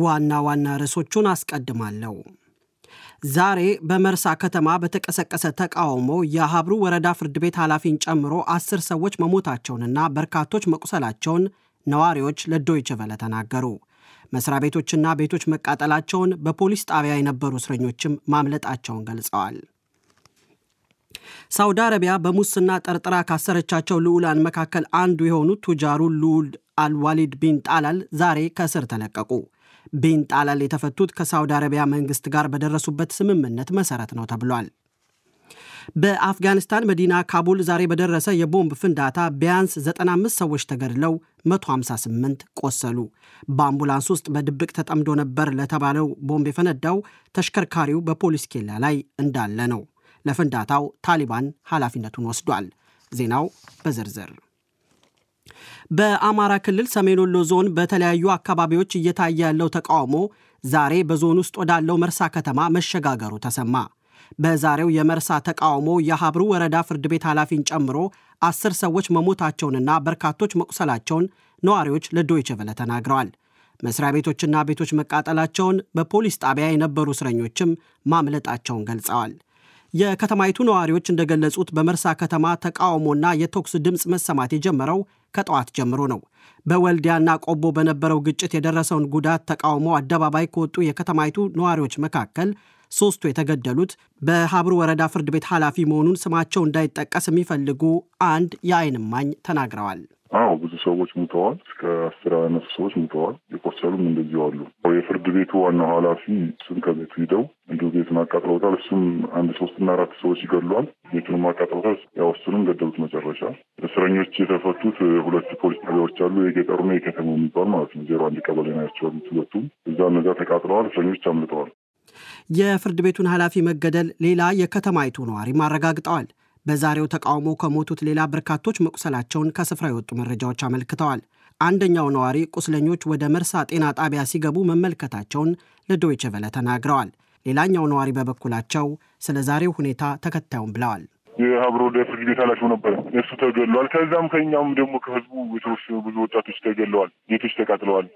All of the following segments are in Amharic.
ዋና ዋና ርዕሶቹን አስቀድማለሁ። ዛሬ በመርሳ ከተማ በተቀሰቀሰ ተቃውሞ የሀብሩ ወረዳ ፍርድ ቤት ኃላፊን ጨምሮ አስር ሰዎች መሞታቸውንና በርካቶች መቁሰላቸውን ነዋሪዎች ለዶይቸ ቨለ ተናገሩ። መስሪያ ቤቶችና ቤቶች መቃጠላቸውን፣ በፖሊስ ጣቢያ የነበሩ እስረኞችም ማምለጣቸውን ገልጸዋል። ሳውዲ አረቢያ በሙስና ጠርጥራ ካሰረቻቸው ልዑላን መካከል አንዱ የሆኑት ቱጃሩ ልዑል አልዋሊድ ቢን ጣላል ዛሬ ከእስር ተለቀቁ። ቢን ጣላል የተፈቱት ከሳውዲ አረቢያ መንግስት ጋር በደረሱበት ስምምነት መሰረት ነው ተብሏል። በአፍጋኒስታን መዲና ካቡል ዛሬ በደረሰ የቦምብ ፍንዳታ ቢያንስ 95 ሰዎች ተገድለው 158 ቆሰሉ። በአምቡላንስ ውስጥ በድብቅ ተጠምዶ ነበር ለተባለው ቦምብ የፈነዳው ተሽከርካሪው በፖሊስ ኬላ ላይ እንዳለ ነው። ለፍንዳታው ታሊባን ኃላፊነቱን ወስዷል። ዜናው በዝርዝር በአማራ ክልል ሰሜን ወሎ ዞን በተለያዩ አካባቢዎች እየታየ ያለው ተቃውሞ ዛሬ በዞን ውስጥ ወዳለው መርሳ ከተማ መሸጋገሩ ተሰማ። በዛሬው የመርሳ ተቃውሞ የሀብሩ ወረዳ ፍርድ ቤት ኃላፊን ጨምሮ አስር ሰዎች መሞታቸውንና በርካቶች መቁሰላቸውን ነዋሪዎች ለዶይቸ ቨለ ተናግረዋል። መስሪያ ቤቶችና ቤቶች መቃጠላቸውን፣ በፖሊስ ጣቢያ የነበሩ እስረኞችም ማምለጣቸውን ገልጸዋል። የከተማይቱ ነዋሪዎች እንደገለጹት በመርሳ ከተማ ተቃውሞና የተኩስ ድምፅ መሰማት የጀመረው ከጠዋት ጀምሮ ነው። በወልዲያና ቆቦ በነበረው ግጭት የደረሰውን ጉዳት ተቃውሞ አደባባይ ከወጡ የከተማይቱ ነዋሪዎች መካከል ሶስቱ የተገደሉት በሀብሩ ወረዳ ፍርድ ቤት ኃላፊ መሆኑን ስማቸው እንዳይጠቀስ የሚፈልጉ አንድ የዓይን እማኝ ተናግረዋል። አዎ ብዙ ሰዎች ሙተዋል። እስከ አስር አይነት ሰዎች ሙተዋል። የቆሰሉም እንደዚሁ አሉ። የፍርድ ቤቱ ዋናው ኃላፊ ስም ከቤቱ ሂደው አቃጥለውታል። እሱም አንድ ሶስትና አራት ሰዎች ይገድሏል። ቤቱንም አቃጥለውታል። ያው እሱንም ገደሉት። መጨረሻ እስረኞች የተፈቱት ሁለት ፖሊስ ጣቢያዎች አሉ። የገጠሩና የከተማው የሚባል ማለት ነው። ዜሮ አንድ ቀበሌ ናቸው ያሉት ሁለቱም። እዛ እነዛ ተቃጥለዋል። እስረኞች አምልጠዋል። የፍርድ ቤቱን ኃላፊ መገደል ሌላ የከተማይቱ ነዋሪም አረጋግጠዋል። በዛሬው ተቃውሞ ከሞቱት ሌላ በርካቶች መቁሰላቸውን ከስፍራ የወጡ መረጃዎች አመልክተዋል። አንደኛው ነዋሪ ቁስለኞች ወደ መርሳ ጤና ጣቢያ ሲገቡ መመልከታቸውን ለዶይቸ ቨለ ተናግረዋል። ሌላኛው ነዋሪ በበኩላቸው ስለ ዛሬው ሁኔታ ተከታዩም ብለዋል። የሀብሮ ወደ ፍርድ ቤት ኃላፊው እሱ ተገሏል። ከዛም ከኛም ደግሞ ከህዝቡ የተወሰኑ ብዙ ወጣቶች ተገለዋል። ቤቶች ተቃጥለዋል።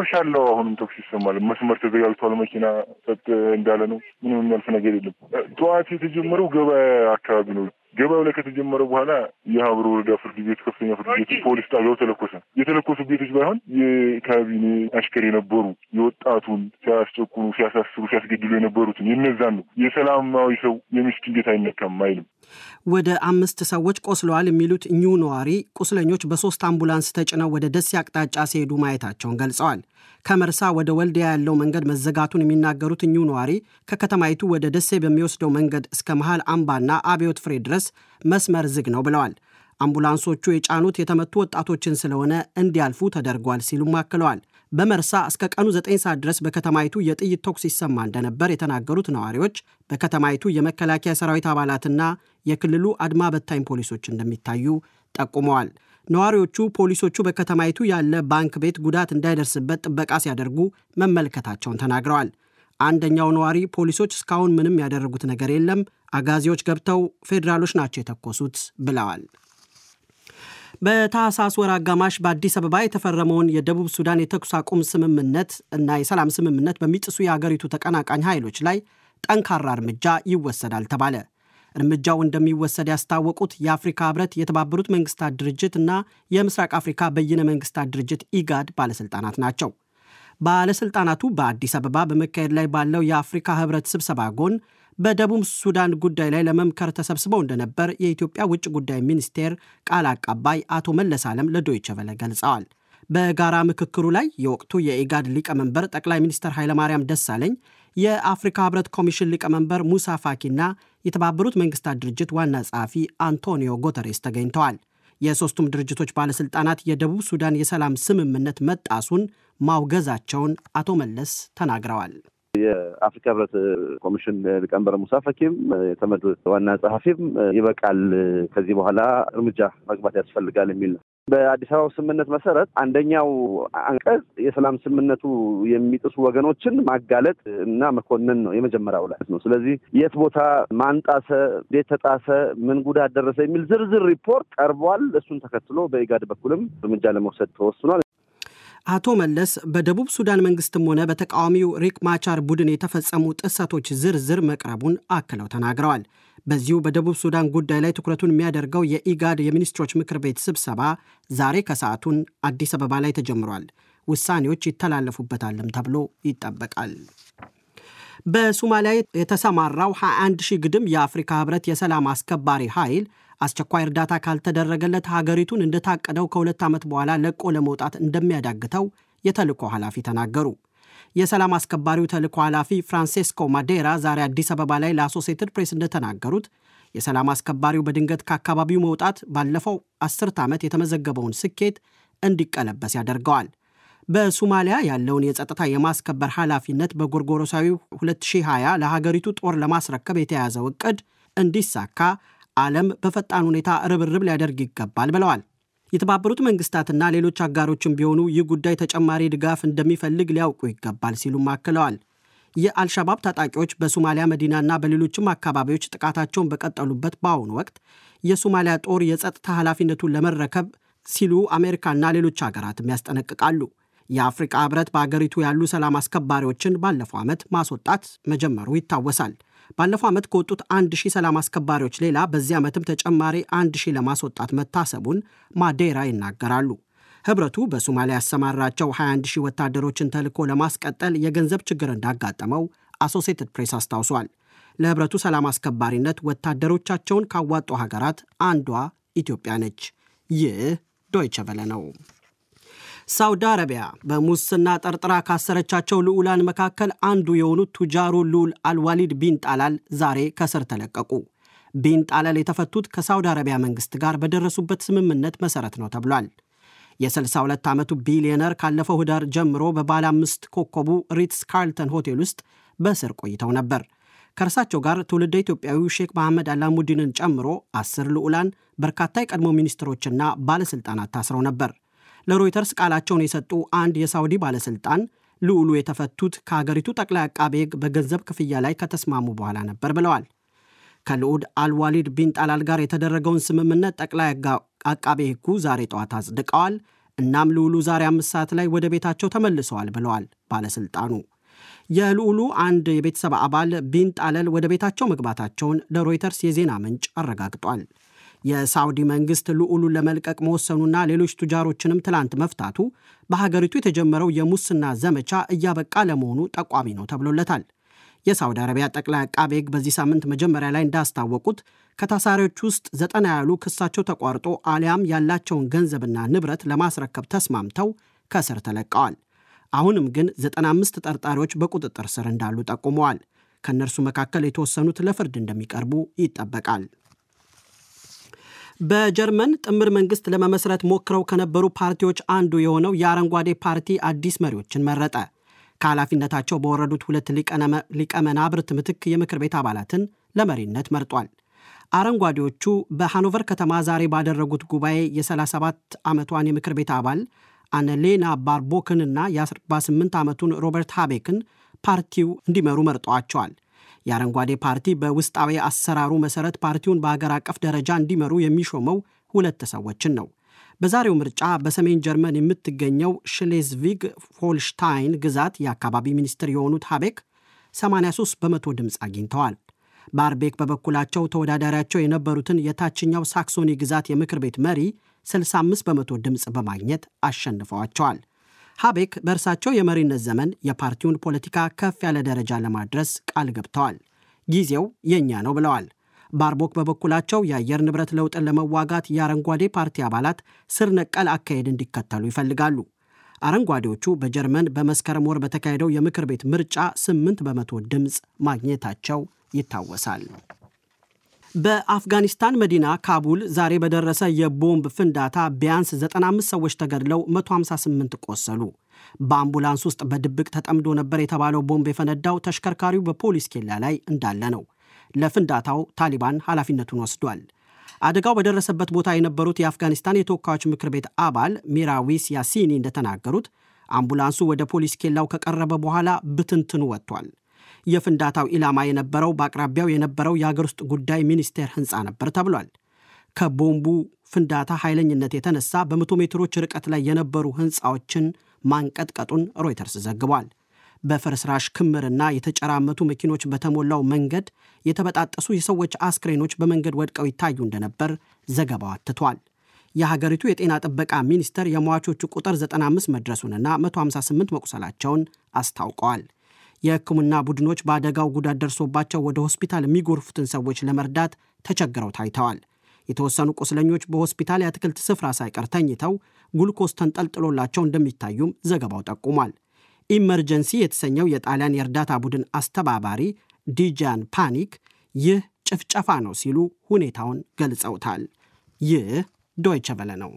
እርሻ አለው። አሁንም ተኩስ ይሰማል። መስመር ተዘጋግቷል። መኪና ጸጥ እንዳለ ነው። ምንም የሚያልፍ ነገር የለም። ጠዋት የተጀመረው ገበያ አካባቢ ነው። ገበያው ላይ ከተጀመረ በኋላ የሀብሮ ወረዳ ፍርድ ቤት፣ ከፍተኛ ፍርድ ቤት፣ ፖሊስ ጣቢያው ተለኮሰ። የተለኮሱ ቤቶች ባይሆን የካቢኔ አሽከር የነበሩ የወጣቱን ሲያስጨቁኑ፣ ሲያሳስሩ፣ ሲያስገድሉ የነበሩትን የነዛን ነው። የሰላማዊ ሰው የሚስት እንዴት አይነካም አይልም። ወደ አምስት ሰዎች ቆስለዋል የሚሉት እኚሁ ነዋሪ ቁስለኞች በሶስት አምቡላንስ ተጭነው ወደ ደሴ አቅጣጫ ሲሄዱ ማየታቸውን ገልጸዋል። ከመርሳ ወደ ወልዲያ ያለው መንገድ መዘጋቱን የሚናገሩት እኚሁ ነዋሪ ከከተማይቱ ወደ ደሴ በሚወስደው መንገድ እስከ መሀል አምባና አብዮት ፍሬ ድረስ ሲደርስ መስመር ዝግ ነው ብለዋል። አምቡላንሶቹ የጫኑት የተመቱ ወጣቶችን ስለሆነ እንዲያልፉ ተደርጓል ሲሉም አክለዋል። በመርሳ እስከ ቀኑ 9 ሰዓት ድረስ በከተማይቱ የጥይት ተኩስ ይሰማ እንደነበር የተናገሩት ነዋሪዎች በከተማይቱ የመከላከያ ሰራዊት አባላትና የክልሉ አድማ በታኝ ፖሊሶች እንደሚታዩ ጠቁመዋል። ነዋሪዎቹ ፖሊሶቹ በከተማይቱ ያለ ባንክ ቤት ጉዳት እንዳይደርስበት ጥበቃ ሲያደርጉ መመልከታቸውን ተናግረዋል። አንደኛው ነዋሪ ፖሊሶች እስካሁን ምንም ያደረጉት ነገር የለም፣ አጋዚዎች ገብተው ፌዴራሎች ናቸው የተኮሱት ብለዋል። በታህሳስ ወር አጋማሽ በአዲስ አበባ የተፈረመውን የደቡብ ሱዳን የተኩስ አቁም ስምምነት እና የሰላም ስምምነት በሚጥሱ የአገሪቱ ተቀናቃኝ ኃይሎች ላይ ጠንካራ እርምጃ ይወሰዳል ተባለ። እርምጃው እንደሚወሰድ ያስታወቁት የአፍሪካ ህብረት፣ የተባበሩት መንግስታት ድርጅት እና የምስራቅ አፍሪካ በይነ መንግስታት ድርጅት ኢጋድ ባለሥልጣናት ናቸው። ባለሥልጣናቱ በአዲስ አበባ በመካሄድ ላይ ባለው የአፍሪካ ህብረት ስብሰባ ጎን በደቡብ ሱዳን ጉዳይ ላይ ለመምከር ተሰብስበው እንደነበር የኢትዮጵያ ውጭ ጉዳይ ሚኒስቴር ቃል አቀባይ አቶ መለስ ዓለም ለዶይቸ ገልጸዋል። በጋራ ምክክሩ ላይ የወቅቱ የኢጋድ ሊቀመንበር ጠቅላይ ሚኒስትር ኃይለማርያም ደሳለኝ፣ የአፍሪካ ህብረት ኮሚሽን ሊቀመንበር ሙሳ ፋኪና የተባበሩት መንግስታት ድርጅት ዋና ጸሐፊ አንቶኒዮ ጎተሬስ ተገኝተዋል። የሦስቱም ድርጅቶች ባለሥልጣናት የደቡብ ሱዳን የሰላም ስምምነት መጣሱን ማውገዛቸውን አቶ መለስ ተናግረዋል። የአፍሪካ ህብረት ኮሚሽን ሊቀመንበር ሙሳ ፈኪም የተመድ ዋና ጸሐፊም ይበቃል፣ ከዚህ በኋላ እርምጃ መግባት ያስፈልጋል የሚል ነው። በአዲስ አበባው ስምምነት መሰረት አንደኛው አንቀጽ የሰላም ስምምነቱ የሚጥሱ ወገኖችን ማጋለጥ እና መኮንን ነው የመጀመሪያው ላይ ነው። ስለዚህ የት ቦታ ማንጣሰ፣ ቤት ተጣሰ፣ ምን ጉዳት ደረሰ የሚል ዝርዝር ሪፖርት ቀርቧል። እሱን ተከትሎ በኢጋድ በኩልም እርምጃ ለመውሰድ ተወስኗል። አቶ መለስ በደቡብ ሱዳን መንግስትም ሆነ በተቃዋሚው ሪክ ማቻር ቡድን የተፈጸሙ ጥሰቶች ዝርዝር መቅረቡን አክለው ተናግረዋል። በዚሁ በደቡብ ሱዳን ጉዳይ ላይ ትኩረቱን የሚያደርገው የኢጋድ የሚኒስትሮች ምክር ቤት ስብሰባ ዛሬ ከሰዓቱን አዲስ አበባ ላይ ተጀምሯል። ውሳኔዎች ይተላለፉበታልም ተብሎ ይጠበቃል። በሶማሊያ የተሰማራው 21 ሺህ ግድም የአፍሪካ ህብረት የሰላም አስከባሪ ኃይል አስቸኳይ እርዳታ ካልተደረገለት ሀገሪቱን እንደታቀደው ከሁለት ዓመት በኋላ ለቆ ለመውጣት እንደሚያዳግተው የተልእኮ ኃላፊ ተናገሩ። የሰላም አስከባሪው ተልእኮ ኃላፊ ፍራንሴስኮ ማዴራ ዛሬ አዲስ አበባ ላይ ለአሶሴትድ ፕሬስ እንደተናገሩት የሰላም አስከባሪው በድንገት ከአካባቢው መውጣት ባለፈው አስርት ዓመት የተመዘገበውን ስኬት እንዲቀለበስ ያደርገዋል። በሱማሊያ ያለውን የጸጥታ የማስከበር ኃላፊነት በጎርጎሮሳዊ 2020 ለሀገሪቱ ጦር ለማስረከብ የተያዘው እቅድ እንዲሳካ ዓለም በፈጣን ሁኔታ ርብርብ ሊያደርግ ይገባል ብለዋል። የተባበሩት መንግስታትና ሌሎች አጋሮችም ቢሆኑ ይህ ጉዳይ ተጨማሪ ድጋፍ እንደሚፈልግ ሊያውቁ ይገባል ሲሉም አክለዋል። የአልሻባብ ታጣቂዎች በሶማሊያ መዲናና በሌሎችም አካባቢዎች ጥቃታቸውን በቀጠሉበት በአሁኑ ወቅት የሶማሊያ ጦር የጸጥታ ኃላፊነቱን ለመረከብ ሲሉ አሜሪካና ሌሎች ሀገራትም ያስጠነቅቃሉ። የአፍሪቃ ህብረት በአገሪቱ ያሉ ሰላም አስከባሪዎችን ባለፈው ዓመት ማስወጣት መጀመሩ ይታወሳል። ባለፈው ዓመት ከወጡት አንድ ሺህ ሰላም አስከባሪዎች ሌላ በዚህ ዓመትም ተጨማሪ አንድ ሺህ ለማስወጣት መታሰቡን ማዴራ ይናገራሉ። ህብረቱ በሶማሊያ ያሰማራቸው 21 ሺህ ወታደሮችን ተልዕኮ ለማስቀጠል የገንዘብ ችግር እንዳጋጠመው አሶሴትድ ፕሬስ አስታውሷል። ለህብረቱ ሰላም አስከባሪነት ወታደሮቻቸውን ካዋጡ ሀገራት አንዷ ኢትዮጵያ ነች። ይህ ዶይቸ ቬለ ነው። ሳውዲ አረቢያ በሙስና ጠርጥራ ካሰረቻቸው ልዑላን መካከል አንዱ የሆኑት ቱጃሩ ልዑል አልዋሊድ ቢን ጣላል ዛሬ ከስር ተለቀቁ። ቢን ጣላል የተፈቱት ከሳውዲ አረቢያ መንግስት ጋር በደረሱበት ስምምነት መሠረት ነው ተብሏል። የ62 ዓመቱ ቢሊዮነር ካለፈው ህዳር ጀምሮ በባለ አምስት ኮከቡ ሪትስ ካርልተን ሆቴል ውስጥ በእስር ቆይተው ነበር። ከእርሳቸው ጋር ትውልደ ኢትዮጵያዊው ሼክ መሐመድ አላሙዲንን ጨምሮ አስር ልዑላን፣ በርካታ የቀድሞ ሚኒስትሮችና ባለሥልጣናት ታስረው ነበር። ለሮይተርስ ቃላቸውን የሰጡ አንድ የሳውዲ ባለሥልጣን ልዑሉ የተፈቱት ከአገሪቱ ጠቅላይ አቃቤ ሕግ በገንዘብ ክፍያ ላይ ከተስማሙ በኋላ ነበር ብለዋል። ከልዑድ አልዋሊድ ቢን ጣላል ጋር የተደረገውን ስምምነት ጠቅላይ አቃቤ ሕጉ ዛሬ ጠዋት አጽድቀዋል። እናም ልዑሉ ዛሬ አምስት ሰዓት ላይ ወደ ቤታቸው ተመልሰዋል ብለዋል ባለሥልጣኑ። የልዑሉ አንድ የቤተሰብ አባል ቢን ጣለል ወደ ቤታቸው መግባታቸውን ለሮይተርስ የዜና ምንጭ አረጋግጧል። የሳውዲ መንግስት ልዑሉን ለመልቀቅ መወሰኑና ሌሎች ቱጃሮችንም ትላንት መፍታቱ በሀገሪቱ የተጀመረው የሙስና ዘመቻ እያበቃ ለመሆኑ ጠቋሚ ነው ተብሎለታል። የሳውዲ አረቢያ ጠቅላይ አቃቤ ሕግ በዚህ ሳምንት መጀመሪያ ላይ እንዳስታወቁት ከታሳሪዎች ውስጥ ዘጠና ያሉ ክሳቸው ተቋርጦ አሊያም ያላቸውን ገንዘብና ንብረት ለማስረከብ ተስማምተው ከእስር ተለቀዋል። አሁንም ግን 95 ተጠርጣሪዎች በቁጥጥር ስር እንዳሉ ጠቁመዋል። ከእነርሱ መካከል የተወሰኑት ለፍርድ እንደሚቀርቡ ይጠበቃል። በጀርመን ጥምር መንግስት ለመመስረት ሞክረው ከነበሩ ፓርቲዎች አንዱ የሆነው የአረንጓዴ ፓርቲ አዲስ መሪዎችን መረጠ። ከኃላፊነታቸው በወረዱት ሁለት ሊቀመናብርት ምትክ የምክር ቤት አባላትን ለመሪነት መርጧል። አረንጓዴዎቹ በሃኖቨር ከተማ ዛሬ ባደረጉት ጉባኤ የ37 ዓመቷን የምክር ቤት አባል አነሌና ባርቦክንና የ48 ዓመቱን ሮበርት ሃቤክን ፓርቲው እንዲመሩ መርጠዋቸዋል። የአረንጓዴ ፓርቲ በውስጣዊ አሰራሩ መሰረት ፓርቲውን በሀገር አቀፍ ደረጃ እንዲመሩ የሚሾመው ሁለት ሰዎችን ነው። በዛሬው ምርጫ በሰሜን ጀርመን የምትገኘው ሽሌዝቪግ ሆልሽታይን ግዛት የአካባቢ ሚኒስትር የሆኑት ሀቤክ 83 በመቶ ድምፅ አግኝተዋል። ባርቤክ በበኩላቸው ተወዳዳሪያቸው የነበሩትን የታችኛው ሳክሶኒ ግዛት የምክር ቤት መሪ 65 በመቶ ድምፅ በማግኘት አሸንፈዋቸዋል። ሀቤክ በእርሳቸው የመሪነት ዘመን የፓርቲውን ፖለቲካ ከፍ ያለ ደረጃ ለማድረስ ቃል ገብተዋል። ጊዜው የእኛ ነው ብለዋል። ባርቦክ በበኩላቸው የአየር ንብረት ለውጥን ለመዋጋት የአረንጓዴ ፓርቲ አባላት ስር ነቀል አካሄድ እንዲከተሉ ይፈልጋሉ። አረንጓዴዎቹ በጀርመን በመስከረም ወር በተካሄደው የምክር ቤት ምርጫ ስምንት በመቶ ድምፅ ማግኘታቸው ይታወሳል። በአፍጋኒስታን መዲና ካቡል ዛሬ በደረሰ የቦምብ ፍንዳታ ቢያንስ 95 ሰዎች ተገድለው 158 ቆሰሉ። በአምቡላንስ ውስጥ በድብቅ ተጠምዶ ነበር የተባለው ቦምብ የፈነዳው ተሽከርካሪው በፖሊስ ኬላ ላይ እንዳለ ነው። ለፍንዳታው ታሊባን ኃላፊነቱን ወስዷል። አደጋው በደረሰበት ቦታ የነበሩት የአፍጋኒስታን የተወካዮች ምክር ቤት አባል ሚራዊስ ያሲኒ እንደተናገሩት አምቡላንሱ ወደ ፖሊስ ኬላው ከቀረበ በኋላ ብትንትኑ ወጥቷል። የፍንዳታው ኢላማ የነበረው በአቅራቢያው የነበረው የአገር ውስጥ ጉዳይ ሚኒስቴር ሕንፃ ነበር ተብሏል። ከቦምቡ ፍንዳታ ኃይለኝነት የተነሳ በመቶ ሜትሮች ርቀት ላይ የነበሩ ሕንፃዎችን ማንቀጥቀጡን ሮይተርስ ዘግቧል። በፍርስራሽ ክምርና የተጨራመቱ መኪኖች በተሞላው መንገድ የተበጣጠሱ የሰዎች አስክሬኖች በመንገድ ወድቀው ይታዩ እንደነበር ዘገባው አትቷል። የሀገሪቱ የጤና ጥበቃ ሚኒስቴር የሟቾቹ ቁጥር 95 መድረሱንና 158 መቁሰላቸውን አስታውቀዋል። የሕክምና ቡድኖች በአደጋው ጉዳት ደርሶባቸው ወደ ሆስፒታል የሚጎርፉትን ሰዎች ለመርዳት ተቸግረው ታይተዋል። የተወሰኑ ቁስለኞች በሆስፒታል የአትክልት ስፍራ ሳይቀር ተኝተው ጉልኮስ ተንጠልጥሎላቸው እንደሚታዩም ዘገባው ጠቁሟል። ኢመርጀንሲ የተሰኘው የጣሊያን የእርዳታ ቡድን አስተባባሪ ዲጃን ፓኒክ ይህ ጭፍጨፋ ነው ሲሉ ሁኔታውን ገልጸውታል። ይህ ዶይቸ ቬለ ነው።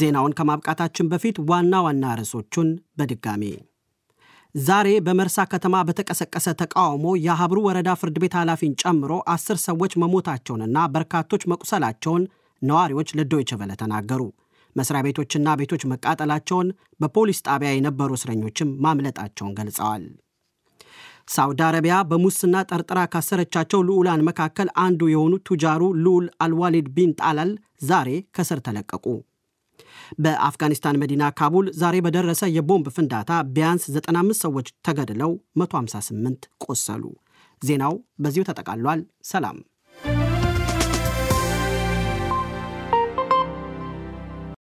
ዜናውን ከማብቃታችን በፊት ዋና ዋና ርዕሶቹን በድጋሜ ዛሬ በመርሳ ከተማ በተቀሰቀሰ ተቃውሞ የሀብሩ ወረዳ ፍርድ ቤት ኃላፊን ጨምሮ አስር ሰዎች መሞታቸውንና በርካቶች መቁሰላቸውን ነዋሪዎች ለዶይቸ ቨለ ተናገሩ። መስሪያ ቤቶችና ቤቶች መቃጠላቸውን፣ በፖሊስ ጣቢያ የነበሩ እስረኞችም ማምለጣቸውን ገልጸዋል። ሳውዲ አረቢያ በሙስና ጠርጥራ ካሰረቻቸው ልዑላን መካከል አንዱ የሆኑ ቱጃሩ ልዑል አልዋሊድ ቢን ጣላል ዛሬ ከስር ተለቀቁ። በአፍጋኒስታን መዲና ካቡል ዛሬ በደረሰ የቦምብ ፍንዳታ ቢያንስ 95 ሰዎች ተገድለው 158 ቆሰሉ። ዜናው በዚሁ ተጠቃሏል። ሰላም